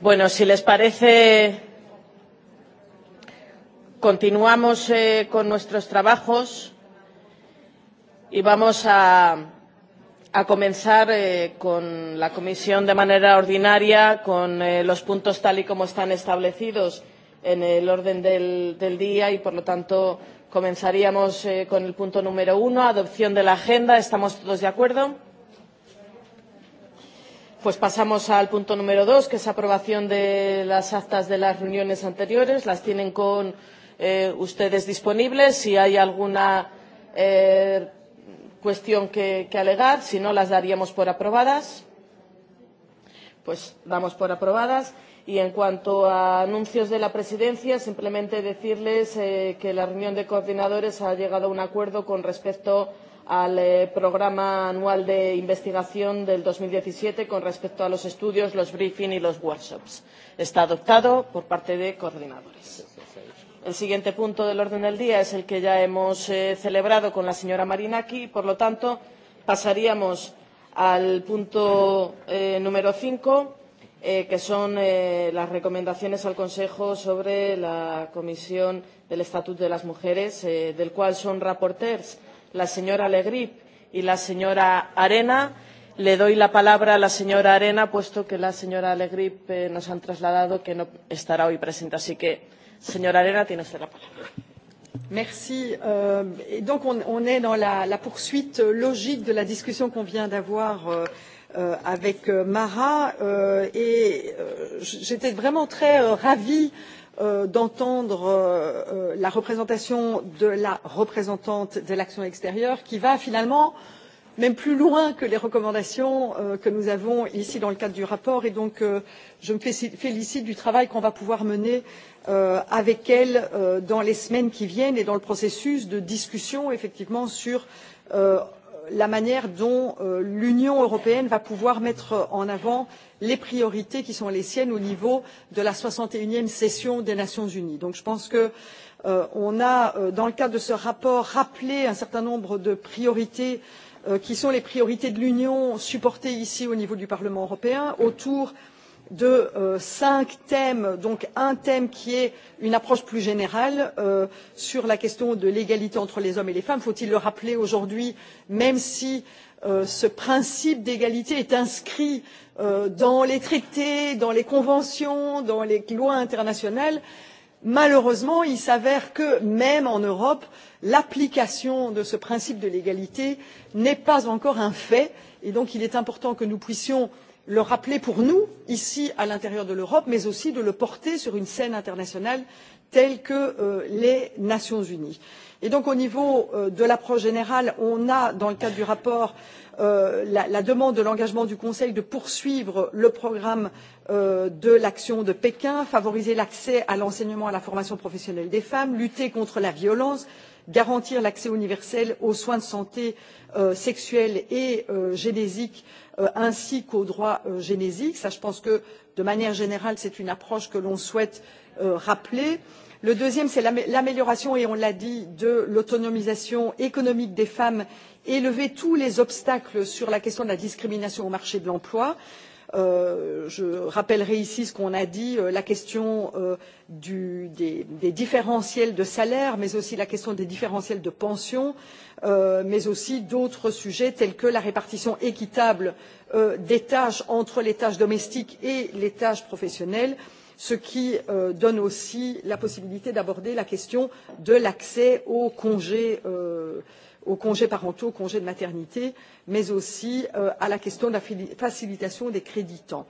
Bueno, si les parece, continuamos eh, con nuestros trabajos y vamos a, a comenzar eh, con la comisión de manera ordinaria, con eh, los puntos tal y como están establecidos en el orden del, del día y, por lo tanto, comenzaríamos eh, con el punto número uno, adopción de la agenda. ¿Estamos todos de acuerdo? Pues pasamos al punto número dos, que es aprobación de las actas de las reuniones anteriores. Las tienen con eh, ustedes disponibles. Si hay alguna eh, cuestión que, que alegar, si no, las daríamos por aprobadas. Pues damos por aprobadas. Y en cuanto a anuncios de la presidencia, simplemente decirles eh, que la reunión de coordinadores ha llegado a un acuerdo con respecto a al eh, programa anual de investigación de dos mil diecisiete con respecto a los estudios los briefings y los workshops. está adoptado por parte de coordinadores. el siguiente punto del orden del día es el que ya hemos eh, celebrado con la señora marinaki y por lo tanto pasaríamos al punto eh, número cinco que son las recomendaciones al Consejo sobre la Comisión del Estatuto de las Mujeres, del cual son ponentes la señora le grip y la señora arena le doy la palabra a la señora arena puesto que la señora le grip eh, nos ha trasladado que no estará hoy presente así que señora arena tiene usted la palabra. Merci. Euh, et donc on, on est dans la, la poursuite logique de la discussion qu'on vient d'avoir euh, euh, avec euh, Mara euh, et euh, j'étais vraiment très euh, ravie Euh, d'entendre euh, euh, la représentation de la représentante de l'action extérieure qui va finalement même plus loin que les recommandations que nous avons ici dans le cadre du rapport et donc je me félicite du travail qu'on va pouvoir mener avec elle dans les semaines qui viennent et dans le processus de discussion effectivement sur la manière dont euh, l'union européenne va pouvoir mettre en avant les priorités qui sont les siennes au niveau de la soixante et unième session des nations unies. donc je pense que euh, on a euh, dans le cadre de ce rapport rappelé un certain nombre de priorités euh, qui sont les priorités de l'union supportées ici au niveau du parlement européen autour de de euh, cinq thèmes donc un thème qui est une approche plus générale euh, sur la question de l'égalité entre les hommes et les femmes faut il le rappeler aujourd'hui même si euh, ce principe d'égalité est inscrit euh, dans les traités dans les conventions dans les lois internationales malheureusement il s'avère que même en europe l'application de ce principe de l'égalité n'est pas encore un fait et donc il est important que nous puissions le rappeler pour nous ici à l'intérieur de l'europe mais aussi de le porter sur une scène internationale telle que euh, les nations unies. Et donc au niveau euh, de l'approche générale, on a dans le cadre du rapport euh, la, la demande de l'engagement du Conseil de poursuivre le programme euh, de l'action de Pékin, favoriser l'accès à l'enseignement et à la formation professionnelle des femmes, lutter contre la violence, garantir l'accès universel aux soins de santé sexuels et génésiques ainsi qu'aux droits génésiques. Ça, je pense que de manière générale c'est une approche que l'on souhaite Euh, rappelé. le deuxième c'est l'amélioration et on l'a dit de l'autonomisation économique des femmes et lever tous les obstacles sur la question de la discrimination au marché de l'emploi. Uh, je rappellerai ici ce qu'on a dit uh, la question uh, du, des, des différentiels de salaire mais aussi la question des différentiels de pension euh, mais aussi d'autres sujets tels que la répartition équitable euh, des tâches entre les tâches domestiques et les tâches professionnelles ainsi ce qui euh, donne aussi la possibilité d'aborder la question de l'accès aux congés euh, aux congés parentaux, aux congés de maternité, mais aussi euh, à la question de la facilitation des crédits temps.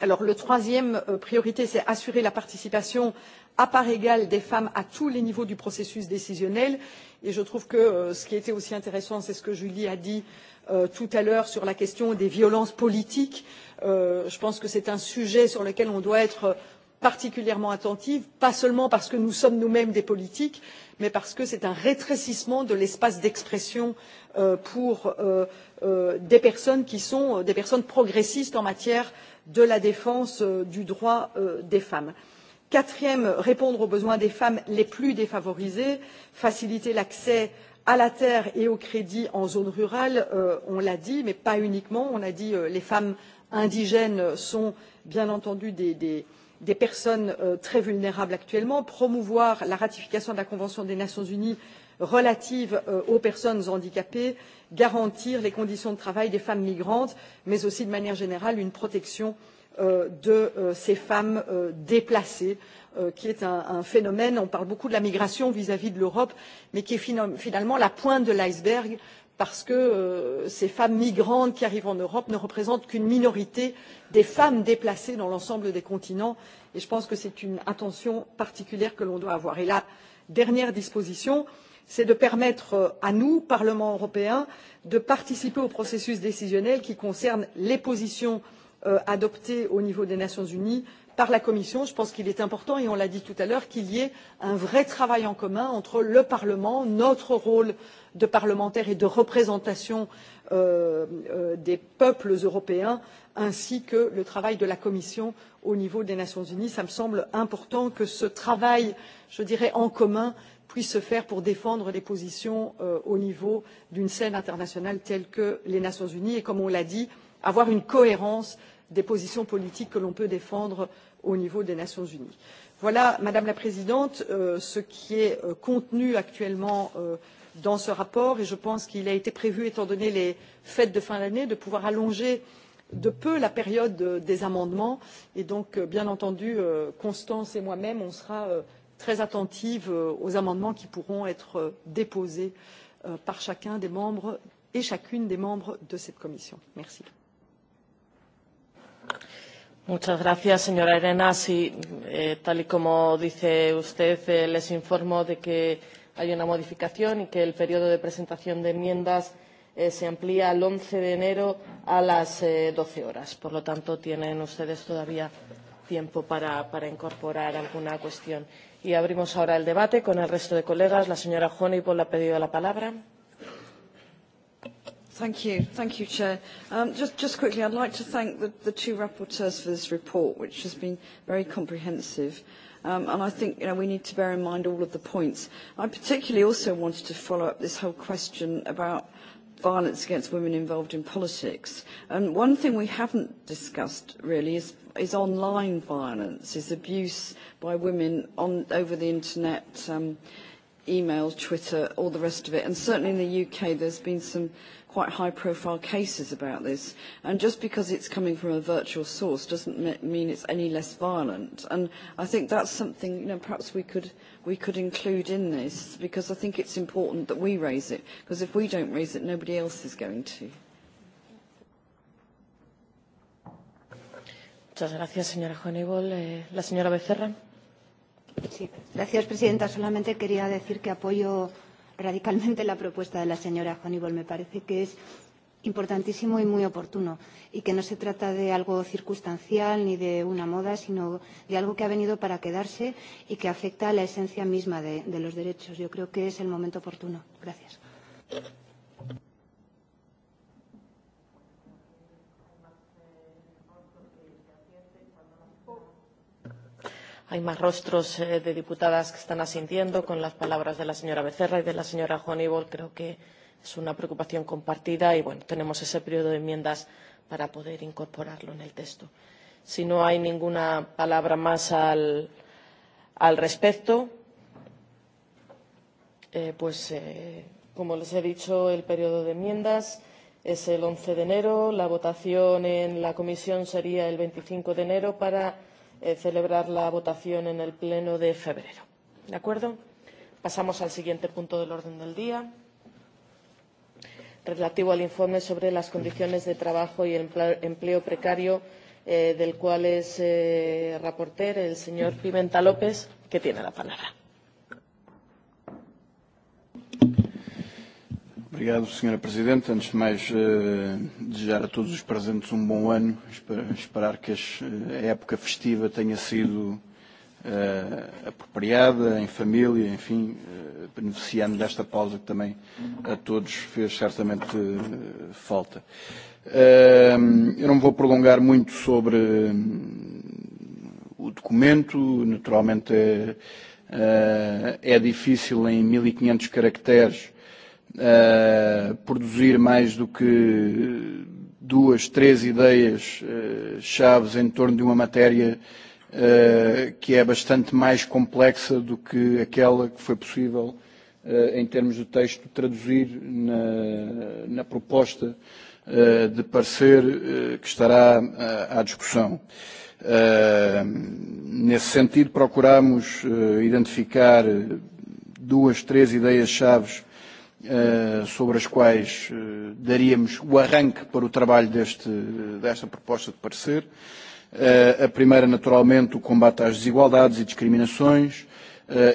Alors, la troisième euh, priorité, c'est assurer la participation à part égale des femmes à tous les niveaux du processus décisionnel. Et je trouve que euh, ce qui était aussi intéressant, c'est ce que Julie a dit euh, tout à l'heure sur la question des violences politiques. Euh, je pense que c'est un sujet sur lequel on doit être euh, particulièrement attentive pas seulement parce que nous sommes nous mêmes des politiques mais parce que c'est un rétrécissement de l'espace d'expression euh, pour euh, euh, des personnes qui sont des personnes progressistes en matière de la défense du droit des femmes. quatrième répondre aux besoins des femmes les plus défavorisées faciliter l'accès à la terre et au crédit en zone rurale on l'a dit mais pas uniquement on a dit que les femmes indigènes sont bien entendu des des personnes euh, très vulnérables actuellement, promouvoir la ratification de la Convention des Nations Unies relative euh, aux personnes handicapées, garantir les conditions de travail des femmes migrantes, mais aussi de manière générale une protection euh, de ces femmes déplacées, qui est un, phénomène, on parle beaucoup de la migration vis à -vis de l'Europe, mais qui est finalement la pointe de l'iceberg parce que euh, ces femmes migrantes qui arrivent en europe ne représentent qu'une minorité des femmes déplacées dans l'ensemble des continents et je pense que c'est une attention particulière que l'on doit avoir. Et la dernière disposition c'est de permettre euh, à nous parlement européen de participer au processus décisionnel qui concerne les positions euh, adoptées au niveau des nations unies par la commission je pense qu'il est important et on l'a dit tout à l'heure qu'il y ait un vrai travail en commun entre le parlement notre rôle de parlementaires et de représentation euh, euh, des peuples européens ainsi que le travail de la commission au niveau des nations unies. il me semble important que ce travail je dirais en commun puisse se faire pour défendre les positions euh, au niveau d'une scène internationale telle que les nations unies et comme on l'a dit avoir une cohérence des positions politiques que l'on peut défendre au niveau des nations unies. voilà madame la présidente euh, ce qui est euh, contenu actuellement euh, dans ce rapport et je pense qu'il a été prévu étant donné les fêtes de fin d'année de pouvoir allonger de peu la période euh, des amendements et donc euh, bien entendu euh, constance et moi même on sera euh, très attentive euh, aux amendements qui pourront être euh, déposés euh, par chacun des membres et chacune des membres de cette commission. merci señora Arena. Eh, tal y como dice usted, eh, les informo de que hay una modificación y que el periodo de presentación de enmiendas eh, se amplía al once de enero a las doce horas. Por lo tanto, tienen ustedes todavía tiempo para, para incorporar alguna cuestión. Y abrimos ahora el debate con el resto de colegas. La señora Honeyball ha pedido la palabra. Thank you. Thank you, Chair. Um, just, just quickly, I'd like to thank the, the two rapporteurs for this report, which has been very comprehensive. Um, and I think you know, we need to bear in mind all of the points. I particularly also wanted to follow up this whole question about violence against women involved in politics. And one thing we haven't discussed really is, is online violence, is abuse by women on, over the internet, um, email, Twitter, all the rest of it. And certainly in the UK, there's been some quite high-profile cases about this, and just because it's coming from a virtual source doesn't mean it's any less violent. And I think that's something, you know, perhaps we could, we could include in this, because I think it's important that we raise it, because if we don't raise it, nobody else is going to. Muchas gracias, señora Honeywell. Eh, la señora Becerra. Sí, gracias, presidenta. Solamente quería decir que apoyo radicalmente la propuesta de la señora Honeyball. Me parece que es importantísimo y muy oportuno y que no se trata de algo circunstancial ni de una moda, sino de algo que ha venido para quedarse y que afecta a la esencia misma de, de los derechos. Yo creo que es el momento oportuno. Gracias. Hay más rostros eh, de diputadas que están asintiendo con las palabras de la señora Becerra y de la señora Honeyball. Creo que es una preocupación compartida y bueno, tenemos ese periodo de enmiendas para poder incorporarlo en el texto. Si no hay ninguna palabra más al, al respecto, eh, pues eh, como les he dicho, el periodo de enmiendas es el 11 de enero. La votación en la comisión sería el 25 de enero para Eh, celebrar la votación en el pleno de febrero. ¿De acuerdo? Pasamos al siguiente punto del orden del día, relativo al informe sobre las condiciones de trabajo y el empleo precario, eh, del cual es eh, reporter el señor Pimenta López, que tiene la palabra. Obrigado, Sra. Presidente. Antes de mais, eh, desejar a todos os presentes um bom ano. Esperar que eh, a época festiva tenha sido uh, apropriada, em família, enfim, uh, beneficiando desta pausa que também a todos fez certamente uh, falta. Uh, eu não vou prolongar muito sobre o documento, naturalmente é, uh, é difícil em 1500 caracteres uh, produzir mais do que duas, três ideias uh, chaves em torno de uma matéria uh, que é bastante mais complexa do que aquela que foi possível, uh, em termos de texto, traduzir na, na proposta uh, de parecer uh, que estará uh, à discussão. Uh, nesse sentido, procuramos uh, identificar duas, três ideias-chaves Eh, sobre as quais eh, daríamos o arranque para o trabalho deste, desta proposta de parecer. Eh, a primeira, naturalmente, o combate às desigualdades e discriminações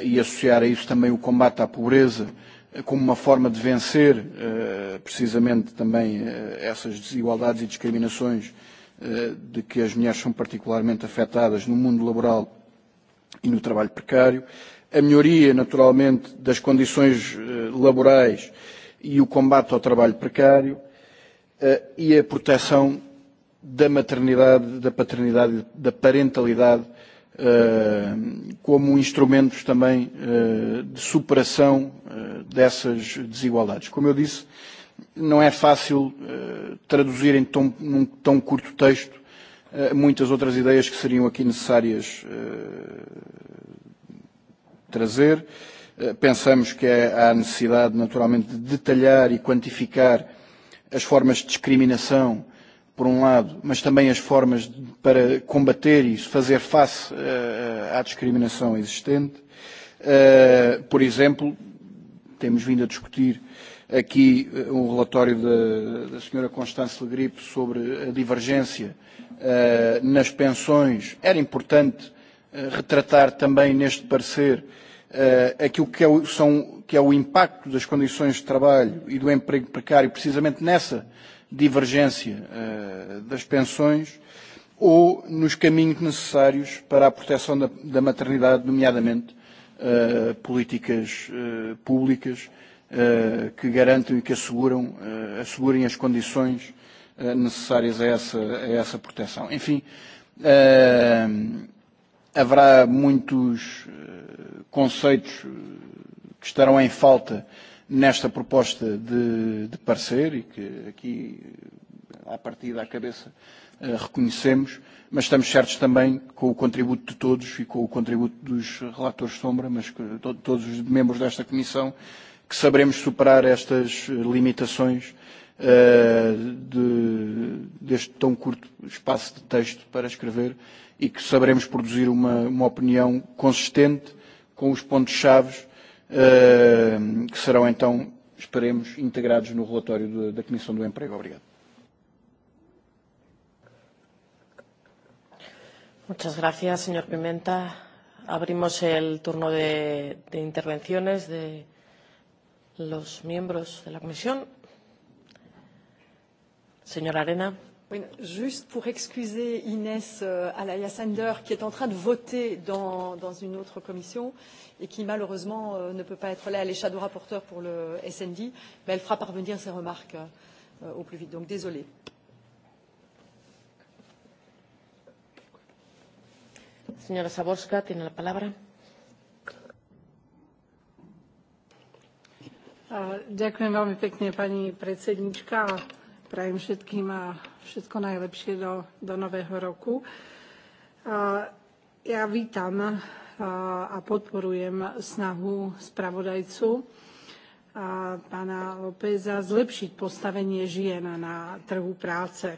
e associar a isso também o combate à pobreza como uma forma de vencer precisamente também essas desigualdades e discriminações de que as mulheres são particularmente afetadas no mundo laboral e no trabalho precário a melhoria, naturalmente, das condições eh, laborais e o combate ao trabalho precário eh, e a proteção da maternidade, da paternidade e da parentalidade eh, como instrumentos também de superação dessas desigualdades. Como eu disse, não é fácil traduzir em tão, num tão curto texto muitas outras ideias que seriam aqui necessárias trazer. Eh, pensamos que há necessidade, naturalmente, de detalhar e quantificar as formas de discriminação, por um lado, mas também as formas de, para combater e fazer face uh, à discriminação existente. Uh, por exemplo, temos vindo a discutir aqui um relatório da, da senhora Constance Legripe sobre a divergência uh, nas pensões. Era importante Eh, retratar também neste parecer uh, aquilo que é, o, são, que é o impacto das condições de trabalho e do emprego precário, precisamente nessa divergência uh, das pensões, ou nos caminhos necessários para a proteção da, da maternidade, nomeadamente uh, políticas uh, públicas uh, que garantam e que asseguram, uh, assegurem as condições uh, necessárias a essa, a essa proteção. Enfim, uh, haverá muitos eh, conceitos eh, que estarão em falta nesta proposta de, de parecer e que aqui, eh, à partida, à cabeça, reconhecemos, mas estamos certos também com o contributo de todos e com o contributo dos relatores de sombra, mas to todos os membros desta Comissão, que saberemos superar estas limitações uh, de, deste tão curto espaço de texto para escrever e que saberemos produzir uma, uma opinião consistente com os pontos-chave uh, eh, que serão então, esperemos, integrados no relatório de, da Comissão do Emprego. Obrigado. Muchas gracias, señor Pimenta. Abrimos el turno de, de intervenciones de los miembros de la comisión. Señora Arena. Oui, juste pour excuser Inès euh, Alaya Sander, qui est en train de voter dans, dans une autre commission et qui malheureusement euh, ne peut pas être là. Elle est shadow rapporteur pour le SND, mais elle fera parvenir ses remarques euh, au plus vite. Donc désolée. Señora Saborska, tiene la palabra. Ďakujem veľmi pekne, pani predsednička. Prajem všetkým a všetko najlepšie do, do nového roku. Ja vítam a podporujem snahu spravodajcu pána Lópeza zlepšiť postavenie žien na trhu práce.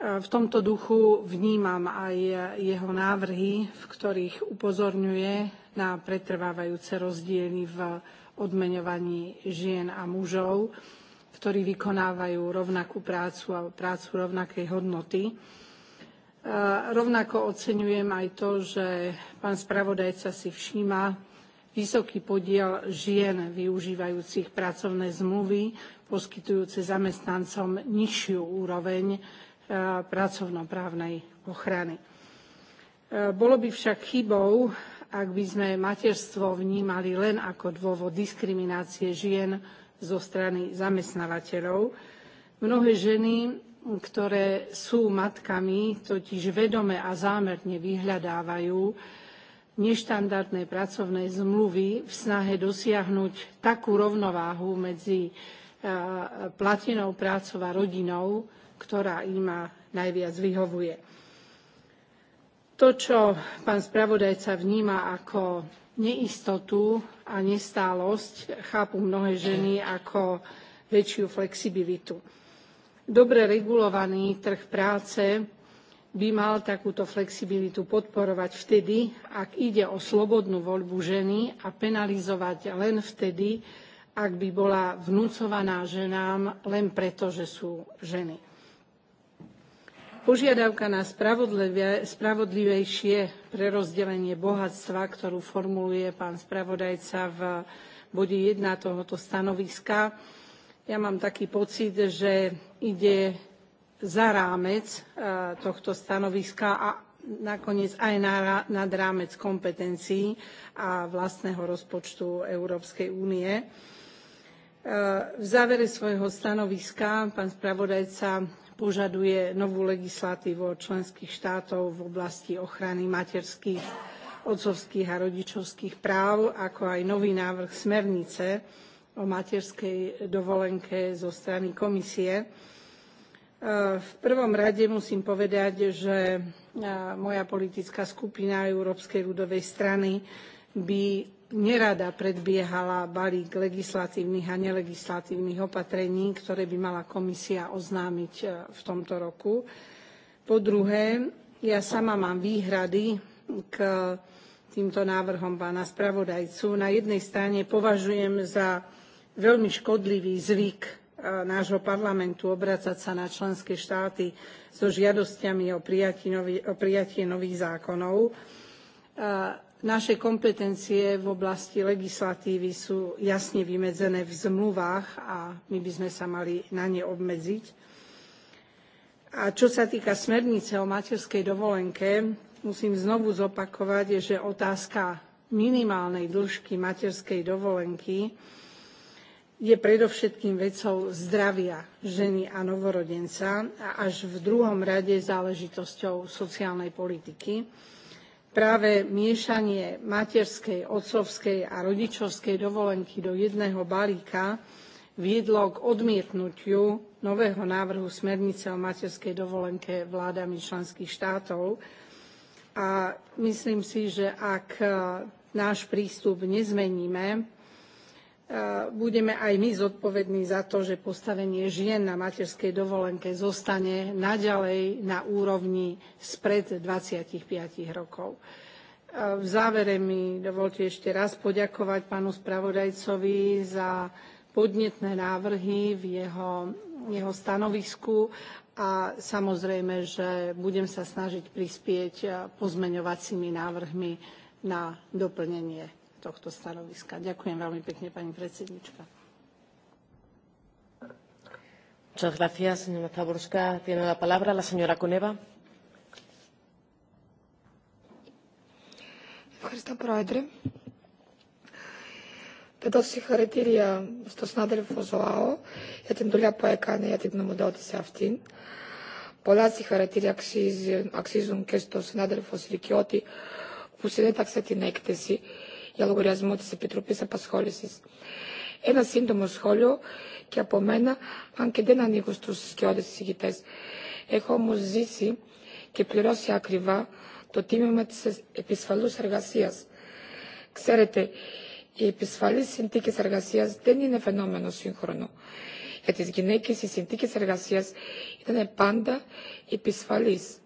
V tomto duchu vnímam aj jeho návrhy, v ktorých upozorňuje na pretrvávajúce rozdiely v odmeňovaní žien a mužov ktorí vykonávajú rovnakú prácu a prácu rovnakej hodnoty. Rovnako oceňujem aj to, že pán spravodajca si všíma vysoký podiel žien využívajúcich pracovné zmluvy, poskytujúce zamestnancom nižšiu úroveň pracovnoprávnej ochrany. Bolo by však chybou, ak by sme materstvo vnímali len ako dôvod diskriminácie žien zo strany zamestnávateľov. Mnohé ženy, ktoré sú matkami, totiž vedome a zámerne vyhľadávajú neštandardné pracovné zmluvy v snahe dosiahnuť takú rovnováhu medzi platenou prácou a rodinou, ktorá im najviac vyhovuje. To, čo pán spravodajca vníma ako neistotu a nestálosť chápu mnohé ženy ako väčšiu flexibilitu. Dobre regulovaný trh práce by mal takúto flexibilitu podporovať vtedy, ak ide o slobodnú voľbu ženy a penalizovať len vtedy, ak by bola vnúcovaná ženám len preto, že sú ženy. Požiadavka na spravodlivejšie prerozdelenie bohatstva, ktorú formuluje pán spravodajca v bode 1 tohoto stanoviska, ja mám taký pocit, že ide za rámec tohto stanoviska a nakoniec aj nad rámec kompetencií a vlastného rozpočtu Európskej únie. V závere svojho stanoviska pán spravodajca požaduje novú legislatívu od členských štátov v oblasti ochrany materských, otcovských a rodičovských práv, ako aj nový návrh smernice o materskej dovolenke zo strany komisie. V prvom rade musím povedať, že moja politická skupina Európskej ľudovej strany by nerada predbiehala balík legislatívnych a nelegislatívnych opatrení ktoré by mala komisia oznámiť v tomto roku. po druhé ja sama mám výhrady k týmto návrhom pána spravodajcu. na jednej strane považujem za veľmi škodlivý zvyk nášho parlamentu obracať sa na členské štáty so žiadosťami o prijatie nových zákonov naše kompetencie v oblasti legislatívy sú jasne vymedzené v zmluvách a my by sme sa mali na ne obmedziť. A čo sa týka smernice o materskej dovolenke, musím znovu zopakovať, že otázka minimálnej dĺžky materskej dovolenky je predovšetkým vecou zdravia ženy a novorodenca a až v druhom rade záležitosťou sociálnej politiky práve miešanie materskej, otcovskej a rodičovskej dovolenky do jedného balíka viedlo k odmietnutiu nového návrhu smernice o materskej dovolenke vládami členských štátov. A myslím si, že ak náš prístup nezmeníme, budeme aj my zodpovední za to, že postavenie žien na materskej dovolenke zostane naďalej na úrovni spred 25 rokov. V závere mi dovolte ešte raz poďakovať pánu spravodajcovi za podnetné návrhy v jeho, jeho stanovisku a samozrejme, že budem sa snažiť prispieť pozmeňovacími návrhmi na doplnenie tohto stanoviska. Ďakujem veľmi pekne, pani predsednička. Muchas gracias, señora Zaborska. Tiene la palabra la señora Cuneva. Ευχαριστώ, Πρόεδρε. Θα δώσω συγχαρητήρια στον συνάδελφο Ζωάο για την δουλειά που έκανε για την νομοδότηση αυτήν. Πολλά συγχαρητήρια αξίζουν, αξίζουν και στον συνάδελφο Σιλικιώτη που συνέταξε την έκθεση για λογαριασμό της Επιτροπής Απασχόλησης. Ένα σύντομο σχόλιο και από μένα, αν και δεν ανήκω στους σκιώδες εισηγητές. Έχω όμως ζήσει και πληρώσει ακριβά το τίμημα της επισφαλούς εργασίας. Ξέρετε, οι επισφαλείς συνθήκες εργασίας δεν είναι φαινόμενο σύγχρονο. Για τις γυναίκες οι συνθήκες εργασίας ήταν πάντα επισφαλείς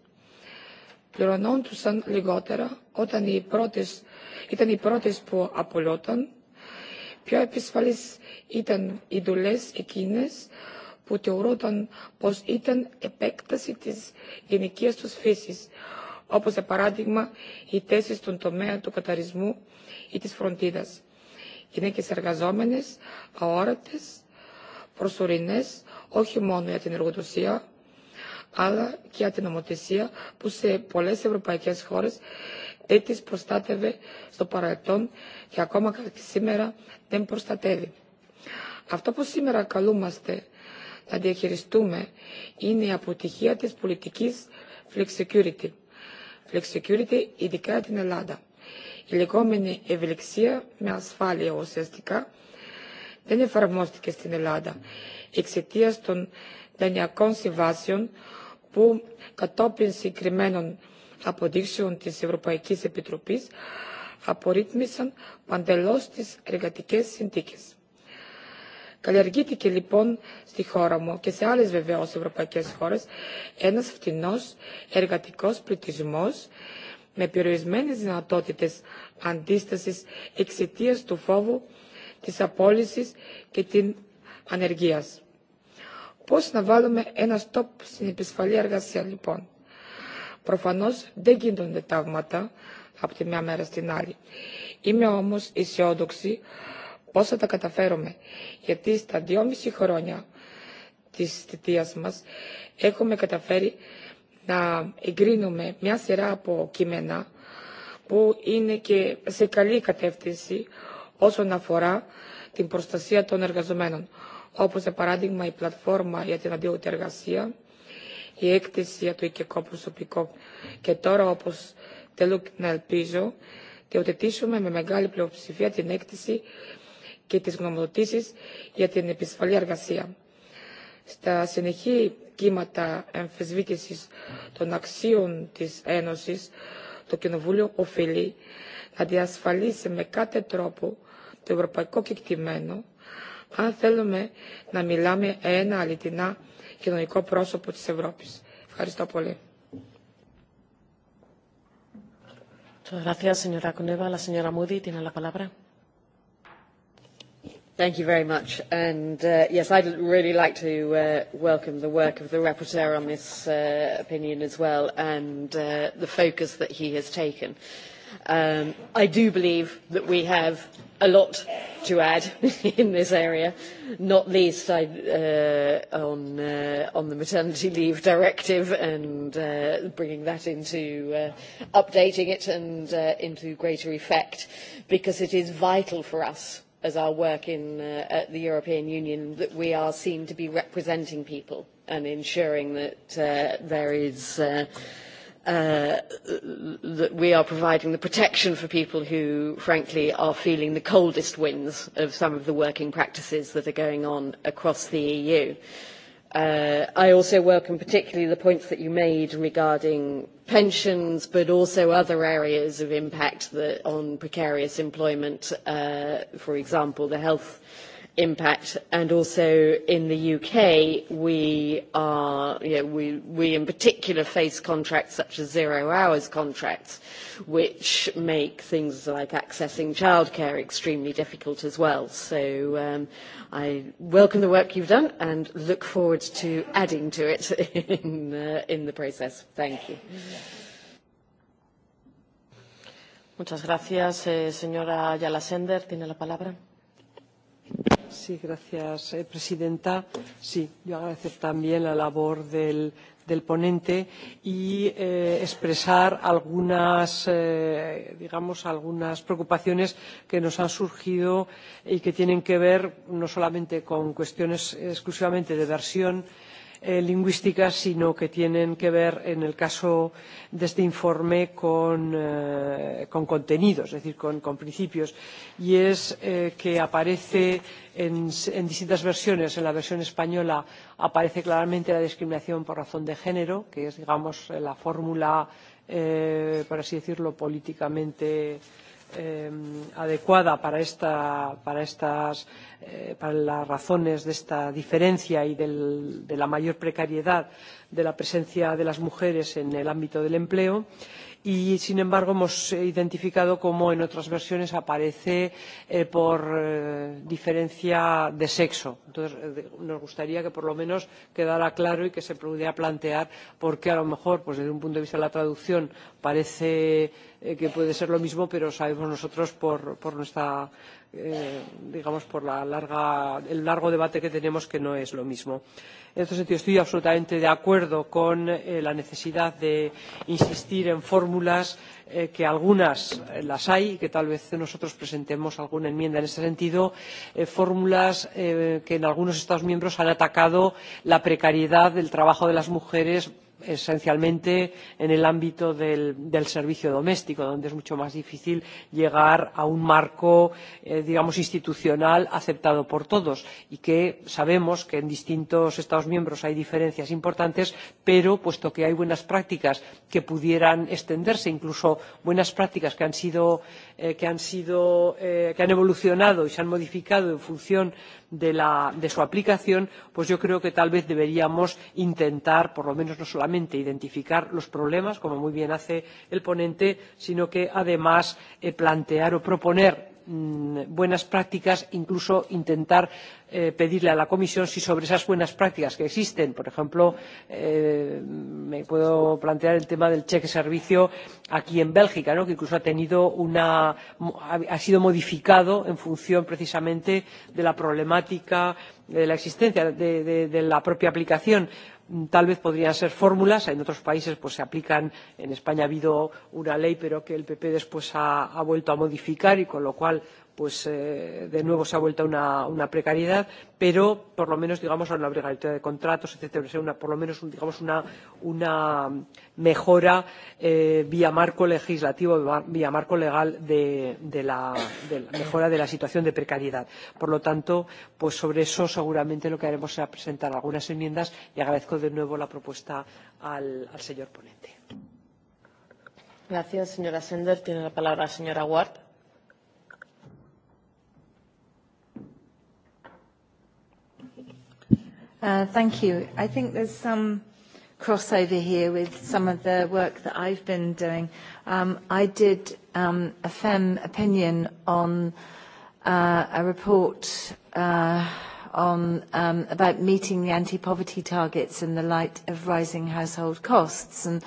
Πληρωνών τους λιγότερα όταν οι πρώτες, ήταν οι πρώτες που απολώταν. Πιο επισφαλείς ήταν οι δουλειές εκείνες που θεωρούνταν πως ήταν επέκταση της γενικής τους φύσης, όπως για παράδειγμα οι θέσεις στον τομέα του καθαρισμού ή της φροντίδας. Γυναίκες εργαζόμενες, αόρατες, προσωρινές, όχι μόνο για την εργοδοσία, αλλά και για την ομοθεσία που σε πολλές ευρωπαϊκές χώρες έτσι προστάτευε στο παρελθόν και ακόμα και σήμερα δεν προστατεύει. Αυτό που σήμερα καλούμαστε να διαχειριστούμε είναι η αποτυχία της πολιτικής flexicurity. Flexicurity ειδικά για την Ελλάδα. Η λεγόμενη ευελιξία με ασφάλεια ουσιαστικά δεν εφαρμόστηκε στην Ελλάδα εξαιτία των δανειακών συμβάσεων που κατόπιν συγκεκριμένων αποδείξεων της Ευρωπαϊκής Επιτροπής απορρίθμισαν παντελώς τις εργατικές συνθήκες. Καλλιεργήθηκε λοιπόν στη χώρα μου και σε άλλες βεβαίως ευρωπαϊκές χώρες ένας φτηνός εργατικός πληθυσμός με περιορισμένες δυνατότητες αντίστασης εξαιτίας του φόβου της απόλυσης και την ανεργίας pos na valume enas top sin episfalier gasia lipon. Profanos de gindon de tavmata, apte mea mea rastinali. Ime omus isiodoxi, posa ta kataferome, jeti sta diomisi horonia, της θητείας μας, έχουμε καταφέρει να εγκρίνουμε μια po από κείμενα που se και σε καλή κατεύθυνση όσον αφορά την προστασία των εργαζομένων όπως παράδειγμα η πλατφόρμα για την αντιουτεργασία, η έκθεση για το οικιακό προσωπικό και τώρα όπως θέλω να ελπίζω διοθετήσουμε με μεγάλη πλειοψηφία την έκθεση και τις γνωμοδοτήσεις για την επισφαλή εργασία. Στα συνεχή κύματα εμφισβήτησης των αξίων της Ένωσης, το Κοινοβούλιο οφείλει να διασφαλίσει με κάθε τρόπο το ευρωπαϊκό κεκτημένο αν θέλουμε να μιλάμε ένα αληθινά κοινωνικό πρόσωπο της Ευρώπης. Ευχαριστώ πολύ. Thank you very much. And uh, yes, I'd really like to uh, welcome the work of the rapporteur on this uh, opinion as well and uh, the focus that he has taken. Uh, Um, I do believe that we have a lot to add in this area, not least uh, uh, on, the maternity leave directive and uh, bringing that into updating it and into greater effect, because it is vital for us as our work in at the European Union that we are seen to be representing people and ensuring that there is Uh, that we are providing the protection for people who, frankly, are feeling the coldest winds of some of the working practices that are going on across the EU. Uh, I also welcome particularly the points that you made regarding pensions, but also other areas of impact that, on precarious employment, uh, for example, the health impact and also in the UK we are you know, we, we in particular face contracts such as zero hours contracts which make things like accessing childcare extremely difficult as well so um, I welcome the work you've done and look forward to adding to it in, uh, in the process thank you Muchas gracias eh, señora Ayala Sender tiene la palabra doamnă președintă eh, presidenta. Sí, yo agradecer también la labor del, del ponente y eh, expresar algunas, eh, digamos, algunas preocupaciones que nos han surgido y que tienen que ver no solamente con cuestiones exclusivamente de versión, Eh, lingüística sino que tienen que ver, en el caso de este informe, con, eh, con contenidos, es decir, con, con principios. Y es eh, que aparece en, en distintas versiones. En la versión española aparece claramente la discriminación por razón de género, que es, digamos, la fórmula, eh, por así decirlo, políticamente. Eh, eh, adecuada para, esta, para, estas, eh, para las razones de esta diferencia y del, de la mayor precariedad de la presencia de las mujeres en el ámbito del empleo y y sin embargo hemos identificado cómo en otras versiones aparece eh, por eh, diferencia de sexo. entonces eh, nos gustaría que por lo menos quedara claro y que se pudiera plantear por qué a lo mejor desde un punto de vista de la traducción parece que puede ser lo mismo pero sabemos nosotros por nuestra Eh, digamos, por la larga, el largo debate que tenemos, que no es lo mismo. En este sentido, estoy absolutamente de acuerdo con eh, la necesidad de insistir en fórmulas eh, que algunas eh, las hay y que tal vez nosotros presentemos alguna enmienda en ese sentido, eh, fórmulas eh, que en algunos Estados miembros han atacado la precariedad del trabajo de las mujeres esencialmente en el ámbito del, del servicio doméstico, donde es mucho más difícil llegar a un marco, eh, digamos, institucional aceptado por todos y que sabemos que en distintos Estados miembros hay diferencias importantes, pero puesto que hay buenas prácticas que pudieran extenderse, incluso buenas prácticas que han sido, eh, que han, sido eh, que han evolucionado y se han modificado en función de, la, de su aplicación pues yo creo que tal vez deberíamos intentar por lo menos no solamente identificar los problemas como muy bien hace el ponente sino que además eh, plantear o proponer Mm, buenas prácticas incluso intentar eh, pedirle a la comisión si sobre esas buenas prácticas que existen por ejemplo eh, me puedo plantear el tema del cheque servicio aquí en bélgica que incluso ha, sido modificado en función precisamente de la problemática de la existencia de, de la propia aplicación tal vez podrían ser fórmulas en otros países pues se aplican en españa ha habido una ley pero que el pp después ha, vuelto a modificar y con lo cual pues eh, de nuevo se ha vuelto una, una precariedad, pero por lo menos digamos a una obligatoriedad de contratos, etcétera, una, por lo menos un, digamos una, una mejora eh, vía marco legislativo, vía marco legal de, de, la, de la mejora de la situación de precariedad. Por lo tanto, pues sobre eso seguramente lo que haremos será presentar algunas enmiendas y agradezco de nuevo la propuesta al, al señor ponente. Gracias, señora Sender. Tiene la palabra la señora Ward. Uh, thank you. I think there's some crossover here with some of the work that I've been doing. Um, I did um, a FEM opinion on uh, a report uh, on um, about meeting the anti-poverty targets in the light of rising household costs. And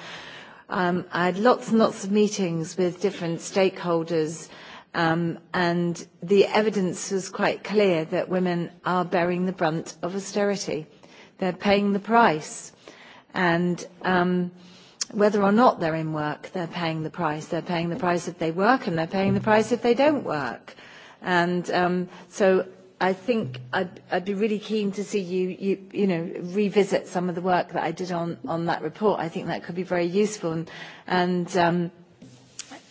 um, I had lots and lots of meetings with different stakeholders Um, and the evidence was quite clear that women are bearing the brunt of austerity. They're paying the price. And um, whether or not they're in work, they're paying the price. They're paying the price if they work, and they're paying the price if they don't work. And um, so I think I'd, I'd be really keen to see you, you, you know, revisit some of the work that I did on, on that report. I think that could be very useful. And, and um,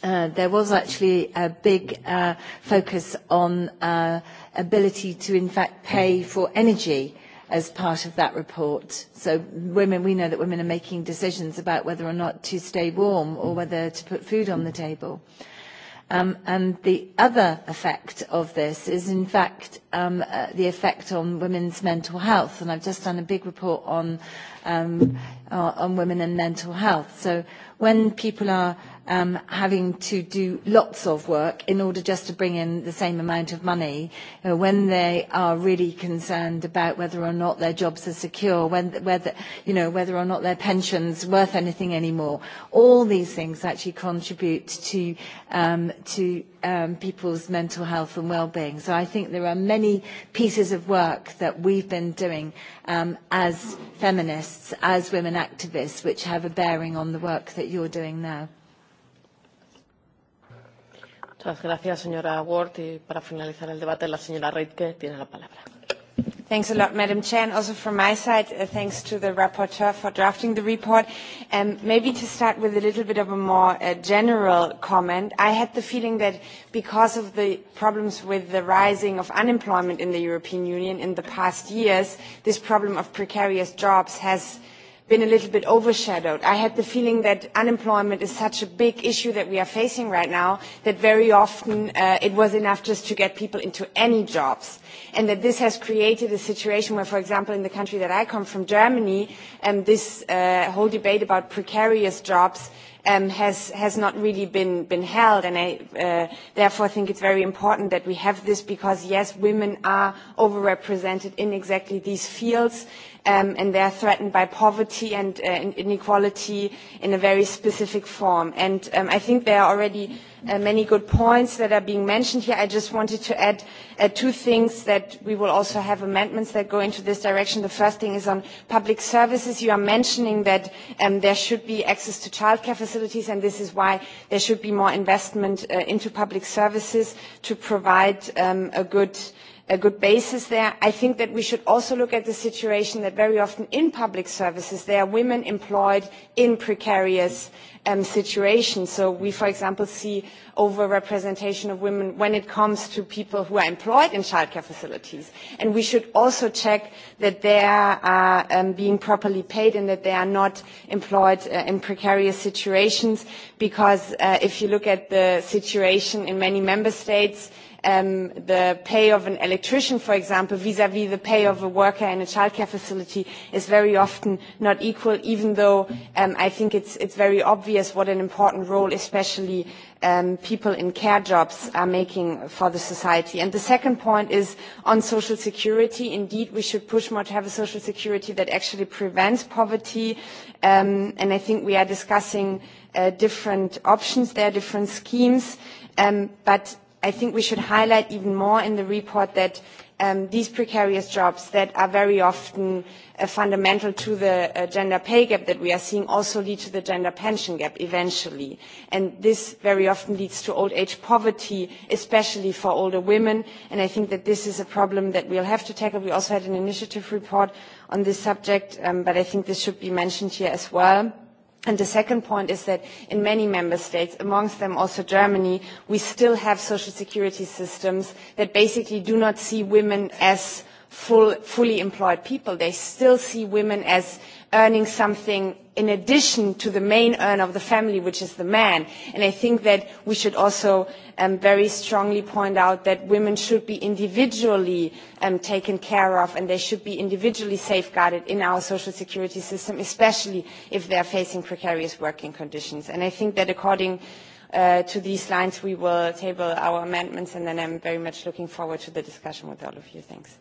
Uh, there was actually a big uh, focus on uh, ability to in fact pay for energy as part of that report. So women, we know that women are making decisions about whether or not to stay warm or whether to put food on the table. Um, and the other effect of this is, in fact, um, uh, the effect on women's mental health. And I've just done a big report on, um, uh, on women and mental health. So when people are um, having to do lots of work in order just to bring in the same amount of money you uh, know, when they are really concerned about whether or not their jobs are secure, when, whether, you know, whether or not their pension's worth anything anymore. All these things actually contribute to, um, to um, people's mental health and well-being. So I think there are many pieces of work that we've been doing um, as feminists, as women activists, which have a bearing on the work that you're doing now. Madam Chair. also from my side, uh, thanks to the rapporteur for drafting the report. Um, maybe to start with a little bit of a more uh, general comment, I had the feeling that because of the problems with the rising of unemployment in the European Union in the past years, this problem of precarious jobs has – been a little bit overshadowed. I had the feeling that unemployment is such a big issue that we are facing right now that very often uh, it was enough just to get people into any jobs. And that this has created a situation where, for example, in the country that I come from, Germany, um, this uh, whole debate about precarious jobs um, has, has not really been, been held. And I uh, therefore think it's very important that we have this because, yes, women are overrepresented in exactly these fields um, and they are threatened by poverty and uh, inequality in a very specific form. And um, I think there are already uh, many good points that are being mentioned here. I just wanted to add uh, two things that we will also have amendments that go into this direction. The first thing is on public services. You are mentioning that um, there should be access to childcare facilities, and this is why there should be more investment uh, into public services to provide um, a good uh, a good basis there. I think that we should also look at the situation that very often in public services there are women employed in precarious um, situations. So we, for example, see overrepresentation of women when it comes to people who are employed in childcare facilities. And we should also check that they are uh, um, being properly paid and that they are not employed uh, in precarious situations because uh, if you look at the situation in many member states, um, the pay of an electrician, for example, vis-à-vis the pay of a worker in a childcare facility is very often not equal, even though um, I think it's, it's very obvious what an important role, especially um, people in care jobs are making for the society. And the second point is on social security. Indeed, we should push more to have a social security that actually prevents poverty. Um, and I think we are discussing uh, different options there, different schemes. Um, but I think we should highlight even more in the report that um, these precarious jobs that are very often uh, fundamental to the uh, gender pay gap that we are seeing also lead to the gender pension gap eventually. And this very often leads to old age poverty, especially for older women. And I think that this is a problem that we'll have to tackle. We also had an initiative report on this subject, um, but I think this should be mentioned here as well And the second point is that in many member states, amongst them also Germany, we still have social security systems that basically do not see women as full, fully employed people. They still see women as earning something in addition to the main earner of the family, which is the man. And I think that we should also um, very strongly point out that women should be individually um, taken care of and they should be individually safeguarded in our social security system, especially if they are facing precarious working conditions. And I think that according uh, to these lines, we will table our amendments and then I'm very much looking forward to the discussion with all of you. Thanks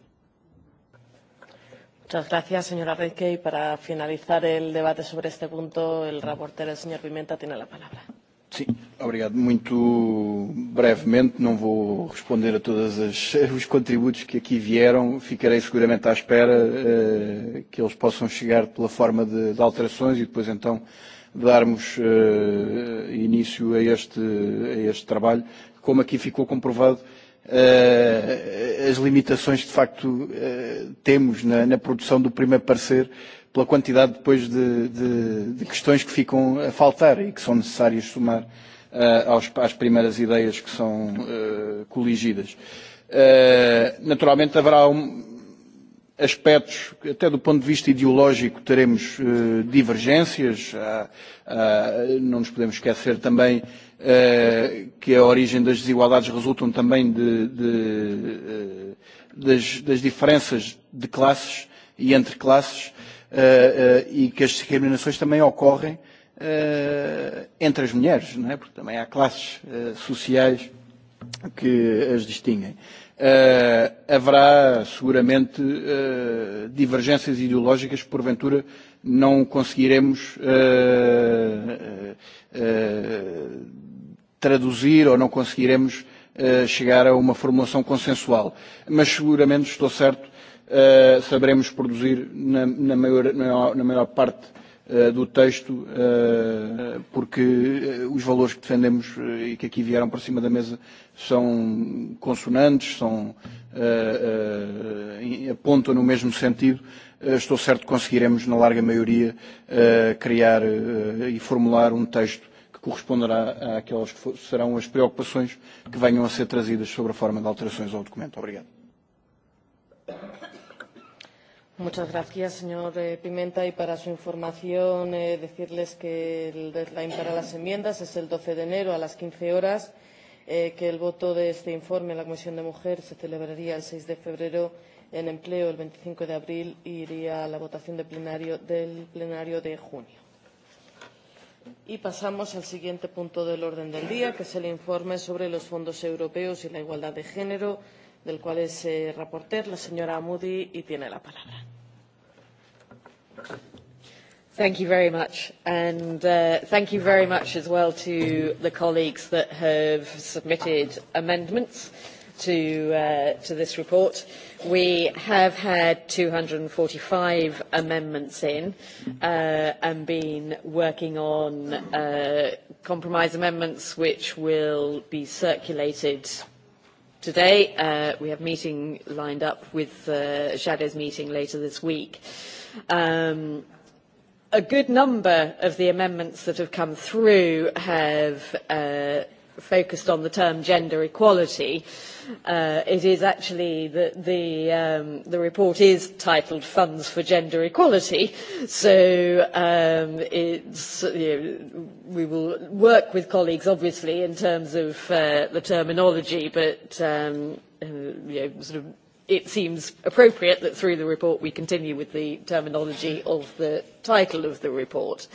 señora Redke. Y para finalizar el debate sobre este punto, el reporter, el señor Pimenta, tiene la palabra. Sim, obrigado. Muito brevemente, não vou responder a todos os contributos que aqui vieram. Ficarei seguramente à espera uh, que eles possam chegar pela forma de, de alterações e depois então darmos uh, início a este, a este trabalho. Como aqui ficou comprovado, uh, uh, as limitações que de facto uh, temos na, na produção do primeiro parecer, pela quantidade depois de, de, de questões que ficam a faltar e que são necessárias somar uh, aos, às primeiras ideias que são uh, coligidas. Uh, naturalmente haverá um, aspectos, até do ponto de vista ideológico, teremos uh, divergências. uh, uh, não nos podemos esquecer também uh, Eh, que a origem das desigualdades resultam também de, de, eh, das, das diferenças de classes e entre classes eh, e que as discriminações também ocorrem entre as mulheres, não é? porque também há classes sociais que as distinguem. Uh, haverá seguramente uh, divergências ideológicas, porventura não conseguiremos uh, uh, uh, traduzir ou não conseguiremos eh, chegar a uma formulação consensual. Mas seguramente, estou certo, eh, saberemos produzir na, na, maior, na, maior parte eh, do texto, porque os valores que defendemos e que aqui vieram para cima da mesa são consonantes, são, apontam no mesmo sentido. estou certo que conseguiremos, na larga maioria, criar e formular um texto corresponderá àquelas que serão as preocupações que venham a ser trazidas sobre a forma de alterações ao documento. Obrigado. Muchas gracias, señor eh, Pimenta. Y para su información, eh, decirles que el deadline para las enmiendas es el 12 de enero a las 15 horas, eh, que el voto de este informe en la Comisión de Mujer se celebraría el 6 de febrero en empleo, el 25 de abril, y iría a la votación de plenario, del plenario de junio. Y pasamos al siguiente punto del orden del día, que es el informe sobre los fondos europeos y la igualdad de género, del cual es eh, reporter la señora Moody y tiene la palabra. Thank you very much. And uh, thank you very much as well to the colleagues that have submitted amendments. Uh, to, uh, to this report. We have had 245 amendments in uh, and been working on uh, compromise amendments which will be circulated today. Uh, we have meeting lined up with uh, Shadows meeting later this week. Um, a good number of the amendments that have come through have uh, focused on the term gender equality. Uh, it is actually the, the, um, the report is titled Funds for Gender Equality, so um, it's, you know, we will work with colleagues, obviously, in terms of uh, the terminology, but um, uh, you know, sort of it seems appropriate that through the report we continue with the terminology of the title of the report.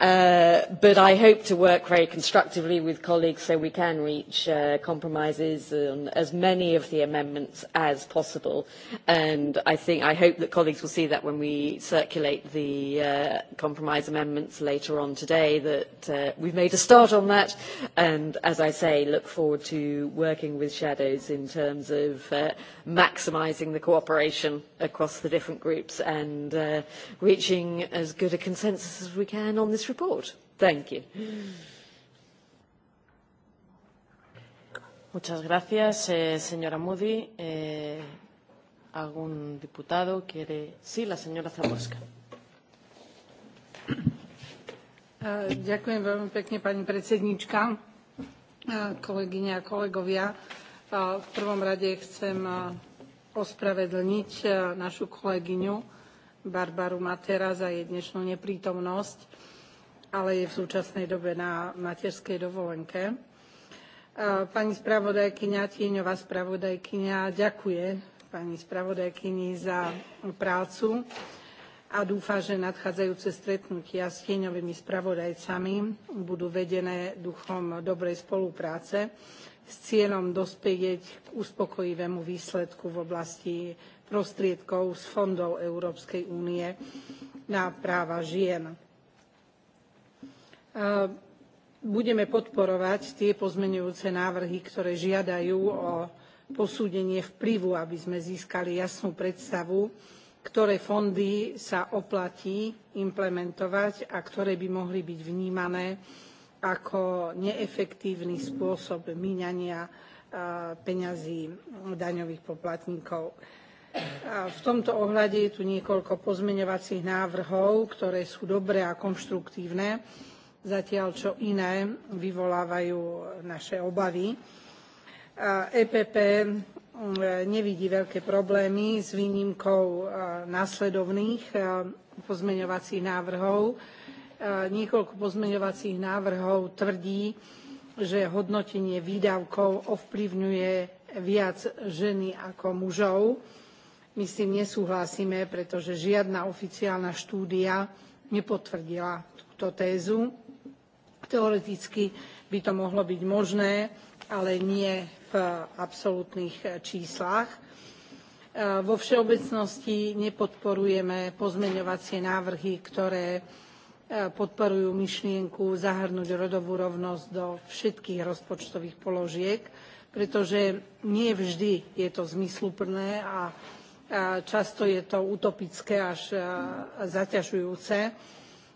Uh, but I hope to work very constructively with colleagues so we can reach uh, compromises on as many of the amendments as possible. And I think I hope that colleagues will see that when we circulate the uh, compromise amendments later on today, that we've made a start on that. And as I say, look forward to working with shadows in terms of maximising the cooperation across the different groups and reaching as good a consensus as we can on this report. Thank you. Muchas gracias, eh, señora Moody. Eh, ¿Algún diputado quiere? Sí, la señora Zaborska. Eh, ďakujem veľmi pekne, pani predsednička, eh, kolegyne a kolegovia. Eh, v prvom rade chcem ospravedlniť našu kolegyňu, Barbaru Matera za jej dnešnú neprítomnosť, ale je v súčasnej dobe na materskej dovolenke. Pani spravodajkyňa, tieňová spravodajkyňa, ďakuje pani spravodajkyni za prácu a dúfa, že nadchádzajúce stretnutia s tieňovými spravodajcami budú vedené duchom dobrej spolupráce s cieľom dospieť k uspokojivému výsledku v oblasti prostriedkov z fondov Európskej únie na práva žien. Budeme podporovať tie pozmeňujúce návrhy, ktoré žiadajú o posúdenie vplyvu, aby sme získali jasnú predstavu, ktoré fondy sa oplatí implementovať a ktoré by mohli byť vnímané ako neefektívny spôsob míňania peňazí daňových poplatníkov v tomto ohľade je tu niekoľko pozmeňovacích návrhov, ktoré sú dobré a konštruktívne, zatiaľ čo iné vyvolávajú naše obavy. EPP mm, nevidí veľké problémy s výnimkou následovných pozmeňovacích návrhov. Niekoľko pozmeňovacích návrhov tvrdí, že hodnotenie výdavkov ovplyvňuje viac ženy ako mužov my s tým nesúhlasíme pretože žiadna oficiálna štúdia nepotvrdila túto tézu. teoreticky by to mohlo byť možné ale nie v absolútnych číslach. vo všeobecnosti nepodporujeme pozmeňovacie návrhy ktoré podporujú myšlienku zahrnúť rodovú rovnosť do všetkých rozpočtových položiek pretože nie vždy je to zmysluplné a často je to utopické až zaťažujúce.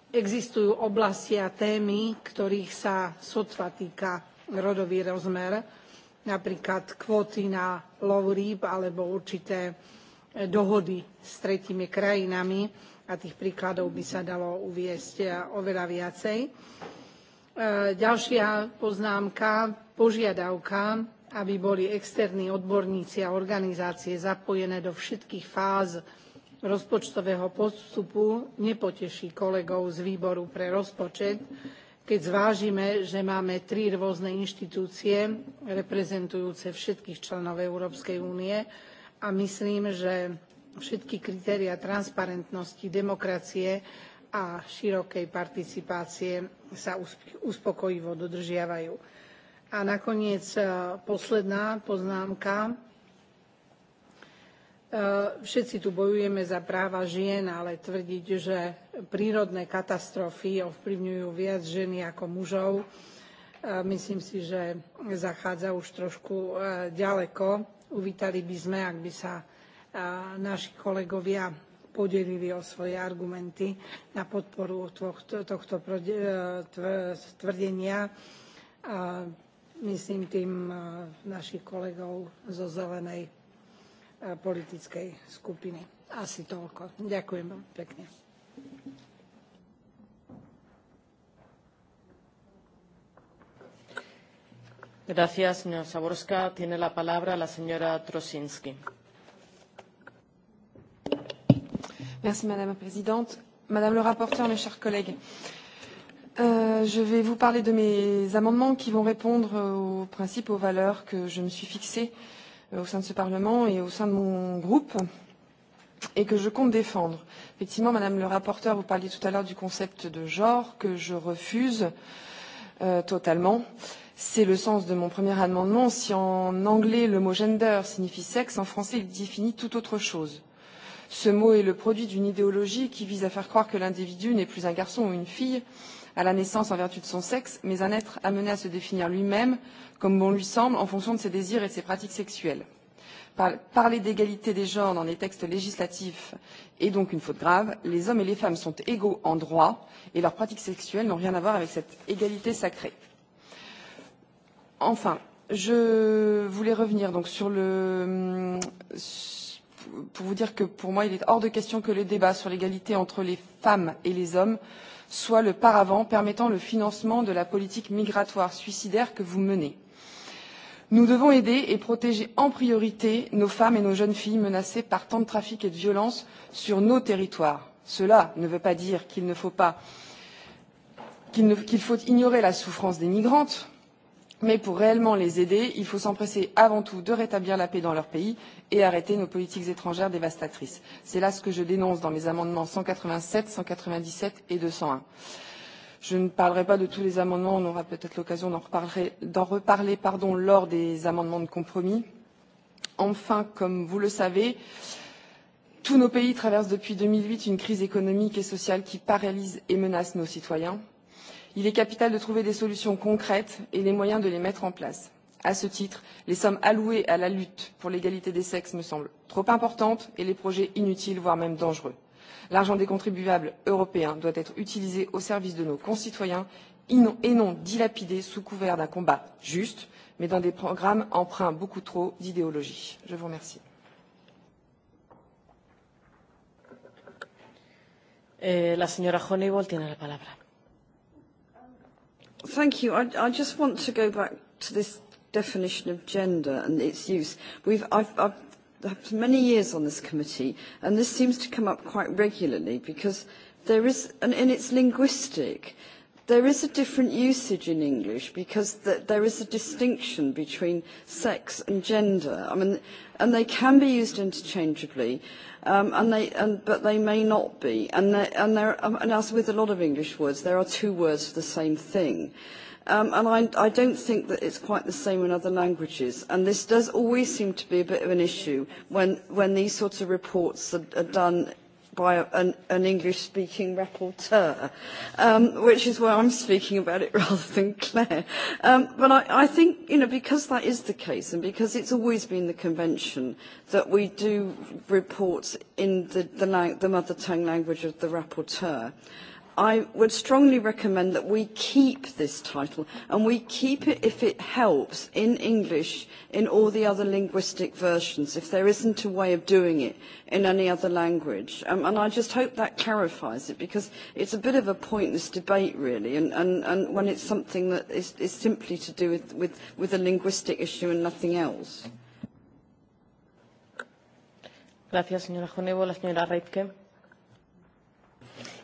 Existujú oblasti a témy, ktorých sa sotva týka rodový rozmer, napríklad kvóty na lov rýb alebo určité dohody s tretími krajinami a tých príkladov by sa dalo uviesť oveľa viacej. Ďalšia poznámka, požiadavka aby boli externí odborníci a organizácie zapojené do všetkých fáz rozpočtového postupu nepoteší kolegov z výboru pre rozpočet keď zvážime že máme tri rôzne inštitúcie reprezentujúce všetkých členov európskej únie a myslím že všetky kritériá transparentnosti demokracie a širokej participácie sa uspokojivo dodržiavajú a nakoniec posledná poznámka. Všetci tu bojujeme za práva žien, ale tvrdiť, že prírodné katastrofy ovplyvňujú viac ženy ako mužov, myslím si, že zachádza už trošku ďaleko. Uvítali by sme, ak by sa naši kolegovia podelili o svoje argumenty na podporu tohto tvrdenia myslím tým eh, našich kolegov zo zelenej eh, politickej skupiny. Asi toľko. Ďakujem veľmi pekne. Gracias, señor Saborska. Tiene la palabra la señora Trosinski. Merci, Madame la Présidente. Madame le rapporteur, mes chers collègues, Euh, je vais vous parler de mes amendements qui vont répondre euh, aux principes, aux valeurs que je me suis fixées euh, au sein de ce Parlement et au sein de mon groupe et que je compte défendre. Effectivement, Madame le rapporteur, vous parliez tout à l'heure du concept de genre que je refuse euh, totalement. C'est le sens de mon premier amendement. Si en anglais le mot gender signifie sexe, en français il définit tout autre chose. Ce mot est le produit d'une idéologie qui vise à faire croire que l'individu n'est plus un garçon ou une fille, euh, à la naissance en vertu de son sexe, mais un être amené à se définir lui-même comme bon lui semble en fonction de ses désirs et de ses pratiques sexuelles. Parler d'égalité des genres dans les textes législatifs est donc une faute grave. Les hommes et les femmes sont égaux en droit et leurs pratiques sexuelles n'ont rien à voir avec cette égalité sacrée. Enfin, je voulais revenir donc sur le, sur pour vous dire que pour moi, il est hors de question que le débat sur l'égalité entre les femmes et les hommes soit le paravent permettant le financement de la politique migratoire suicidaire que vous menez. Nous devons aider et protéger en priorité nos femmes et nos jeunes filles menacées par tant de trafic et de violence sur nos territoires. Cela ne veut pas dire qu'il ne faut pas qu'il qu faut ignorer la souffrance des migrantes, mais pour réellement les aider il faut s'empresser avant tout de rétablir la paix dans leur pays et arrêter nos politiques étrangères dévastatrices. c'est là ce que je dénonce dans mes amendements cent quatre vingt sept cent quatre vingt dix sept et. deux cent un je ne parlerai pas de tous les amendements on aura peut être l'occasion d'en reparler pardon, lors des amendements de compromis. enfin comme vous le savez tous nos pays traversent depuis deux mille huit une crise économique et sociale qui paralyse et menace nos citoyens il est capital de trouver des solutions concrètes et les moyens de les mettre en place. À ce titre, les sommes allouées à la lutte pour l'égalité des sexes me semblent trop importantes et les projets inutiles, voire même dangereux. L'argent des contribuables européens doit être utilisé au service de nos concitoyens et non dilapidé sous couvert d'un combat juste, mais dans des programmes empreints beaucoup trop d'idéologie. Je vous remercie. Eh, la señora Honeywell tiene la palabra. Thank you. I, I just want to go back to this definition of gender and its use. We've, I've, I've had many years on this committee, and this seems to come up quite regularly because there is, and, and it's linguistic there is a different usage in English because th there is a distinction between sex and gender. I mean, and they can be used interchangeably, um, and they, and, but they may not be. And, they, and, there, um, and as with a lot of English words, there are two words for the same thing. Um, and I, I don't think that it's quite the same in other languages. And this does always seem to be a bit of an issue when, when these sorts of reports are, are done by an, an English-speaking rapporteur, um, which is why I'm speaking about it rather than Claire. Um, but I, I think, you know, because that is the case and because it's always been the convention that we do reports in the, the, the mother tongue language of the rapporteur, I would strongly recommend that we keep this title and we keep it if it helps in English in all the other linguistic versions, if there isn't a way of doing it in any other language. Um, and I just hope that clarifies it because it's a bit of a pointless debate really and, and, and when it's something that is, is simply to do with, with, with a linguistic issue and nothing else. Gracias, señora Jonebo. La señora Reitke.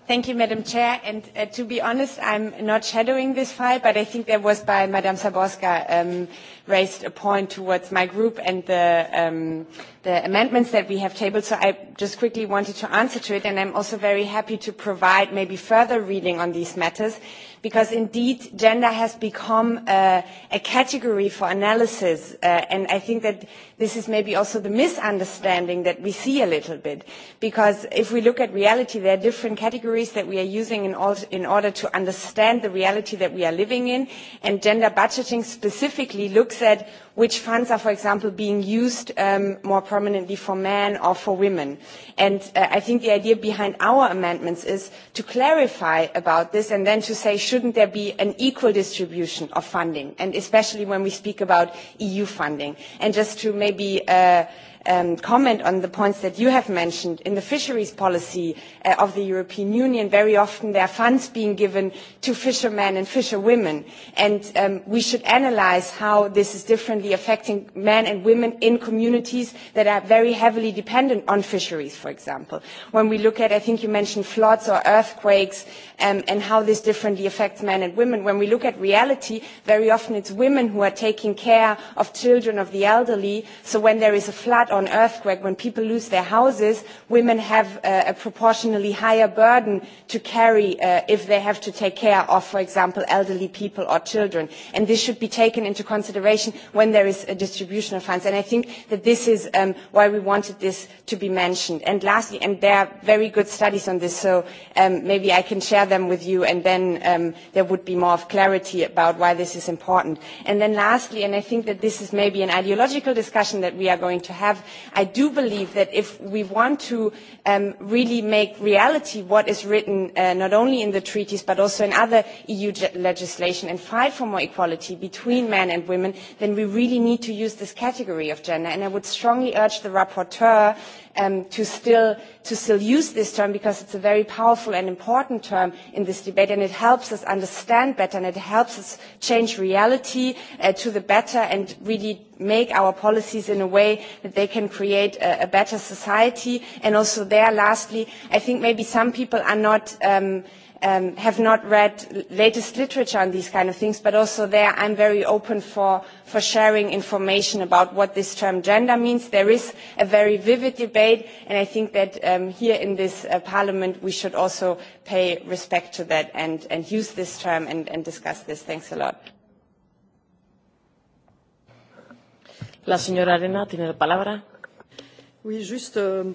Thank you, Madam Chair. And uh, to be honest, I'm not shadowing this file, but I think there was by Madam Saborska um, raised a point towards my group and the, um, the amendments that we have tabled. So I just quickly wanted to answer to it, and I'm also very happy to provide maybe further reading on these matters, because indeed gender has become uh, a category for analysis, uh, and I think that this is maybe also the misunderstanding that we see a little bit because if we look at reality there are different categories that we are using in, all, in order to understand the reality that we are living in and gender budgeting specifically looks at which funds are for example being used um, more prominently for men or for women and uh, i think the idea behind our amendments is to clarify about this and then to say shouldn't there be an equal distribution of funding and especially when we speak about eu funding and just to maybe uh, um, comment on the points that you have mentioned. In the fisheries policy uh, of the European Union, very often there are funds being given to fishermen and fisherwomen, and um, we should analyse how this is differently affecting men and women in communities that are very heavily dependent on fisheries, for example. When we look at, I think you mentioned floods or earthquakes, um, and how this differently affects men and women. When we look at reality, very often it's women who are taking care of children, of the elderly, so when there is a flood on earthquake, when people lose their houses, women have a proportionally higher burden to carry uh, if they have to take care of, for example, elderly people or children. And this should be taken into consideration when there is a distribution of funds. And I think that this is um, why we wanted this to be mentioned. And lastly, and there are very good studies on this, so um, maybe I can share them with you, and then um, there would be more of clarity about why this is important. And then lastly, and I think that this is maybe an ideological discussion that we are going to have, I do believe that if we want to um, really make reality what is written uh, not only in the treaties but also in other EU legislation and fight for more equality between men and women, then we really need to use this category of gender. And I would strongly urge the rapporteur um, to, still, to still use this term because it's a very powerful and important term in this debate and it helps us understand better and it helps us change reality uh, to the better and really make our policies in a way that they can create a, a better society. And also there, lastly, I think maybe some people are not um, – um, have not read latest literature on these kind of things, but also there I'm very open for, for sharing information about what this term gender means. There is a very vivid debate, and I think that um, here in this uh, parliament we should also pay respect to that and, and use this term and, and discuss this. Thanks a lot. La señora Arena tiene la palabra. Oui, juste euh,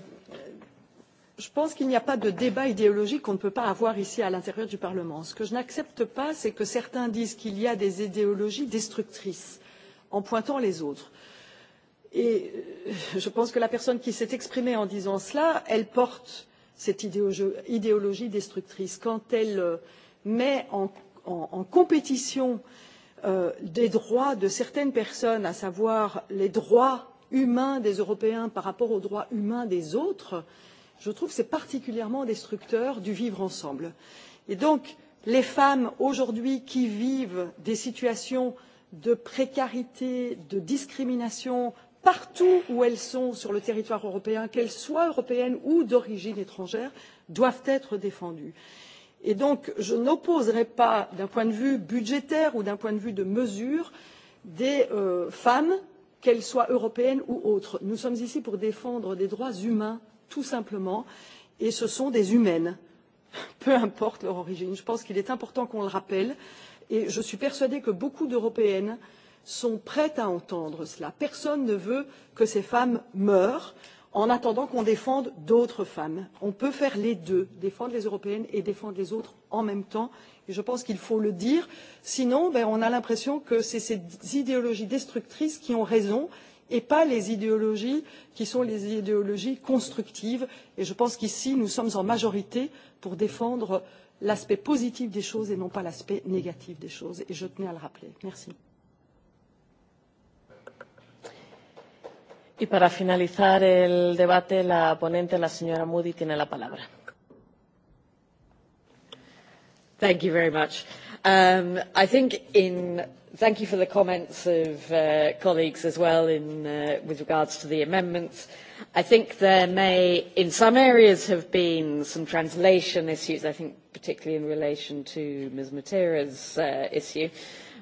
je pense qu'il n'y a pas de débat idéologique qu'on ne peut pas avoir ici à l'intérieur du parlement. ce que je n'accepte pas c'est que certains disent qu'il y a des idéologies destructrices en pointant les autres. et euh, je pense que la personne qui s'est exprimée en disant cela elle porte cette idéologie destructrice quand elle euh, met en, en, en compétition euh, des droits de certaines personnes à savoir les droits humains des européens par rapport aux droits humains des autres je trouve que c'est particulièrement destructeur du vivre ensemble. et donc les femmes aujourd'hui qui vivent des situations de précarité de discrimination partout où elles sont sur le territoire européen qu'elles soient européennes ou d'origine étrangère doivent être défendues. et donc je n'opposerai pas d'un point de vue budgétaire ou d'un point de vue de mesure des euh, femmes qu'elles soient européennes ou autres. nous sommes ici pour défendre des droits humains tout simplement, et ce sont des humaines, peu importe leur origine. Je pense qu'il est important qu'on le rappelle, et je suis persuadée que beaucoup d'Européennes sont prêtes à entendre cela. Personne ne veut que ces femmes meurent en attendant qu'on défende d'autres femmes. On peut faire les deux, défendre les européennes et défendre les autres en même temps. Et je pense qu'il faut le dire. Sinon, ben, on a l'impression que c'est ces idéologies destructrices qui ont raison et pas les idéologies qui sont les idéologies constructives et je pense qu'ici nous sommes en majorité pour défendre l'aspect positif des choses et non pas l'aspect négatif des choses et je tenais à le rappeler. merci. Y para finalizar el debate, la ponente, la señora Moody, tiene la palabra. Thank you very much. Um, I think thank you for the comments of uh, colleagues as well uh, with regards to the amendments. I think there may, in some areas, have been some translation issues, I think particularly in relation to Ms. Matera's uh, issue.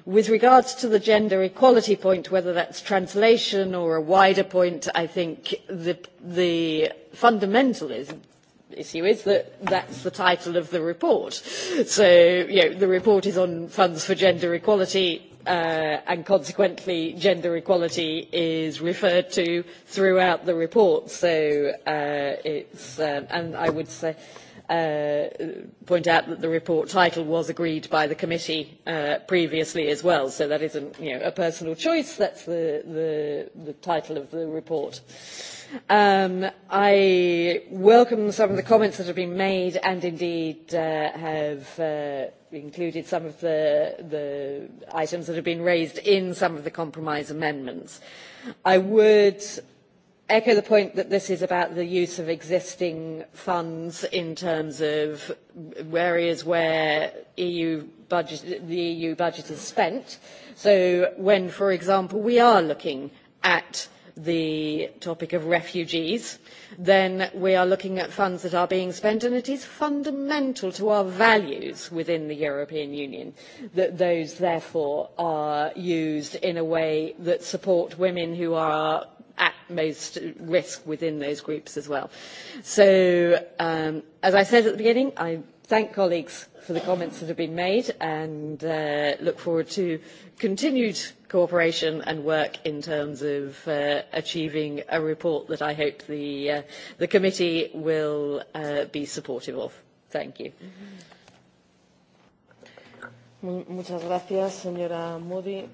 With regards to the gender equality point, whether that's translation or a wider point, I think the, fundamental is issue is that that's the title of the report. So, you know, the report is on funds for gender equality uh, and consequently gender equality is referred to throughout the report. So uh, it's, uh, and I would say, Uh, point out that the report title was agreed by the committee uh, previously as well, so that isn't you know, a personal choice, that's the, the, the title of the report. Um, I welcome some of the comments that have been made and indeed uh, have uh, included some of the, the items that have been raised in some of the compromise amendments. I would echo the point that this is about the use of existing funds in terms of areas where EU budget, the EU budget is spent. So when, for example, we are looking at the topic of refugees, then we are looking at funds that are being spent, and it is fundamental to our values within the European Union that those, therefore, are used in a way that support women who are at most risk within those groups as well. So, um, as I said at the beginning, I thank colleagues for the comments that have been made and uh, look forward to continued cooperation and work in terms of uh, achieving a report that I hope the, uh, the committee will uh, be supportive of. Thank you. Muchas gracias, señora Moody.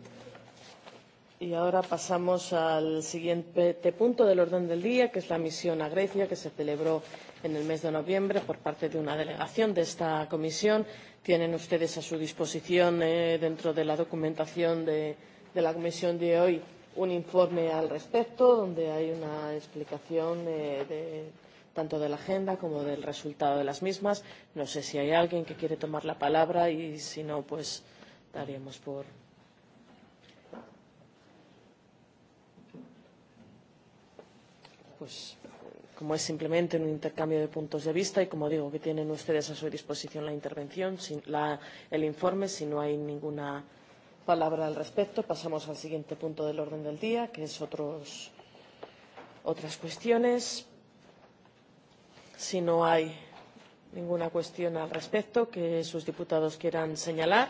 Y ahora pasamos al siguiente punto del orden del día, que es la misión a Grecia, que se celebró en el mes de noviembre por parte de una delegación de esta comisión. Tienen ustedes a su disposición, eh, dentro de la documentación de, la comisión de hoy, un informe al respecto, donde hay una explicación de, tanto de la agenda como del resultado de las mismas. No sé si hay alguien que quiere tomar la palabra y si no, pues daríamos por pues, como es simplemente un intercambio de puntos de vista y como digo que tienen ustedes a su disposición la intervención, sin la, el informe, si no hay ninguna palabra al respecto. Pasamos al siguiente punto del orden del día, que es otros, otras cuestiones. Si no hay ninguna cuestión al respecto que sus diputados quieran señalar,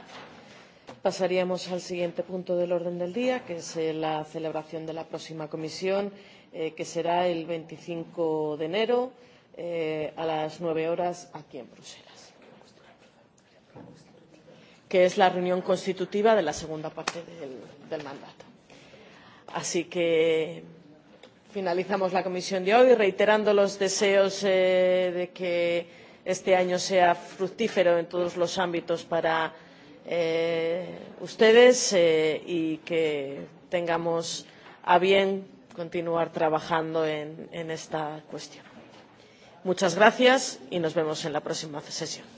pasaríamos al siguiente punto del orden del día, que es eh, la celebración de la próxima comisión eh, que será el 25 de enero eh, a las 9 horas aquí en Bruselas, que es la reunión constitutiva de la segunda parte del, del mandato. Así que finalizamos la comisión de hoy reiterando los deseos eh, de que este año sea fructífero en todos los ámbitos para eh, ustedes eh, y que tengamos a bien continuar trabajando en, esta cuestión. Muchas gracias y nos vemos en la próxima sesión.